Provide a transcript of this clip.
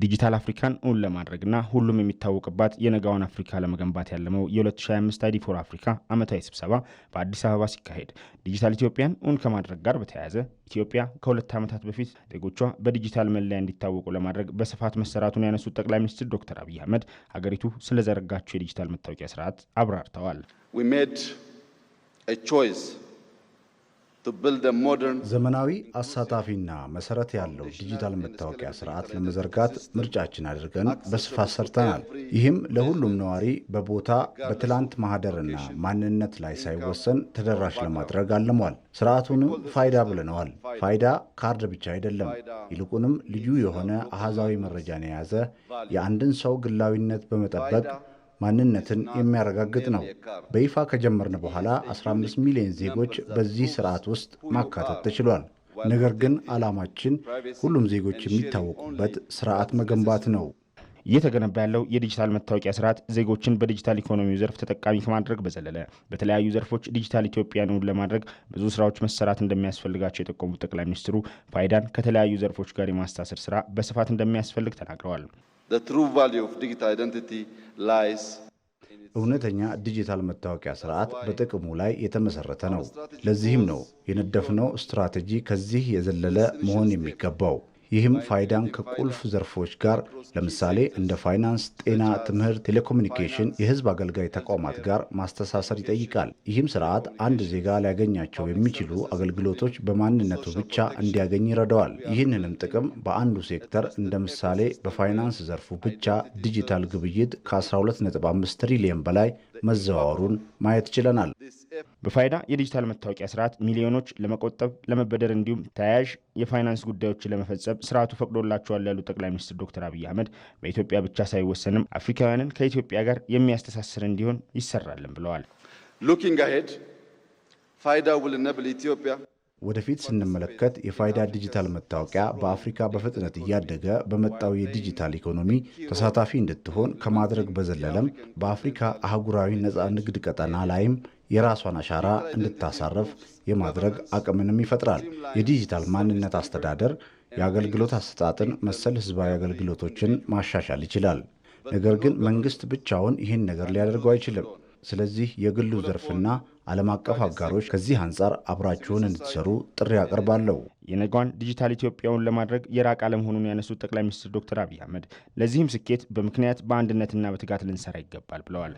ዲጂታል አፍሪካን እውን ለማድረግና ሁሉም የሚታወቅባት የነጋዋን አፍሪካ ለመገንባት ያለመው የ2025 አይዲ ፎር አፍሪካ ዓመታዊ ስብሰባ በአዲስ አበባ ሲካሄድ ዲጂታል ኢትዮጵያን እውን ከማድረግ ጋር በተያያዘ ኢትዮጵያ ከሁለት ዓመታት በፊት ዜጎቿ በዲጂታል መለያ እንዲታወቁ ለማድረግ በስፋት መሰራቱን ያነሱት ጠቅላይ ሚኒስትር ዶክተር አብይ አህመድ ሀገሪቱ ስለዘረጋቸው የዲጂታል መታወቂያ ስርዓት አብራርተዋል። ዘመናዊ አሳታፊና መሰረት ያለው ዲጂታል መታወቂያ ስርዓት ለመዘርጋት ምርጫችን አድርገን በስፋት ሰርተናል። ይህም ለሁሉም ነዋሪ በቦታ በትላንት ማህደርና ማንነት ላይ ሳይወሰን ተደራሽ ለማድረግ አልሟል። ስርዓቱንም ፋይዳ ብለነዋል። ፋይዳ ካርድ ብቻ አይደለም፣ ይልቁንም ልዩ የሆነ አሃዛዊ መረጃን የያዘ የአንድን ሰው ግላዊነት በመጠበቅ ማንነትን የሚያረጋግጥ ነው። በይፋ ከጀመርን በኋላ 15 ሚሊዮን ዜጎች በዚህ ስርዓት ውስጥ ማካተት ተችሏል። ነገር ግን ዓላማችን ሁሉም ዜጎች የሚታወቁበት ስርዓት መገንባት ነው። እየተገነባ ያለው የዲጂታል መታወቂያ ስርዓት ዜጎችን በዲጂታል ኢኮኖሚው ዘርፍ ተጠቃሚ ከማድረግ በዘለለ በተለያዩ ዘርፎች ዲጂታል ኢትዮጵያንን ለማድረግ ብዙ ስራዎች መሰራት እንደሚያስፈልጋቸው የጠቆሙት ጠቅላይ ሚኒስትሩ ፋይዳን ከተለያዩ ዘርፎች ጋር የማስታሰር ስራ በስፋት እንደሚያስፈልግ ተናግረዋል። እውነተኛ ዲጂታል መታወቂያ ስርዓት በጥቅሙ ላይ የተመሰረተ ነው። ለዚህም ነው የነደፍነው ስትራቴጂ ከዚህ የዘለለ መሆን የሚገባው። ይህም ፋይዳን ከቁልፍ ዘርፎች ጋር ለምሳሌ እንደ ፋይናንስ፣ ጤና፣ ትምህርት፣ ቴሌኮሙኒኬሽን፣ የህዝብ አገልጋይ ተቋማት ጋር ማስተሳሰር ይጠይቃል። ይህም ስርዓት አንድ ዜጋ ሊያገኛቸው የሚችሉ አገልግሎቶች በማንነቱ ብቻ እንዲያገኝ ይረዳዋል። ይህንንም ጥቅም በአንዱ ሴክተር እንደ ምሳሌ በፋይናንስ ዘርፉ ብቻ ዲጂታል ግብይት ከ12.5 ትሪሊየን በላይ መዘዋወሩን ማየት ችለናል። በፋይዳ የዲጂታል መታወቂያ ስርዓት ሚሊዮኖች ለመቆጠብ ለመበደር፣ እንዲሁም ተያያዥ የፋይናንስ ጉዳዮችን ለመፈጸም ስርዓቱ ፈቅዶላቸዋል ያሉ ጠቅላይ ሚኒስትር ዶክተር አብይ አህመድ በኢትዮጵያ ብቻ ሳይወሰንም አፍሪካውያንን ከኢትዮጵያ ጋር የሚያስተሳስር እንዲሆን ይሰራልን ብለዋል። ሉኪንግ አሄድ ፋይዳ ውል ኢትዮጵያ ወደፊት ስንመለከት የፋይዳ ዲጂታል መታወቂያ በአፍሪካ በፍጥነት እያደገ በመጣው የዲጂታል ኢኮኖሚ ተሳታፊ እንድትሆን ከማድረግ በዘለለም በአፍሪካ አህጉራዊ ነፃ ንግድ ቀጠና ላይም የራሷን አሻራ እንድታሳረፍ የማድረግ አቅምንም ይፈጥራል። የዲጂታል ማንነት አስተዳደር የአገልግሎት አሰጣጥን መሰል ህዝባዊ አገልግሎቶችን ማሻሻል ይችላል። ነገር ግን መንግስት ብቻውን ይህን ነገር ሊያደርገው አይችልም። ስለዚህ የግሉ ዘርፍና ዓለም አቀፍ አጋሮች ከዚህ አንጻር አብራችሁን እንድትሰሩ ጥሪ አቀርባለሁ። የነጋዋን ዲጂታል ኢትዮጵያውን ለማድረግ የራቅ አለመሆኑን ያነሱት ጠቅላይ ሚኒስትር ዶክተር አብይ አህመድ ለዚህም ስኬት በምክንያት በአንድነትና በትጋት ልንሰራ ይገባል ብለዋል።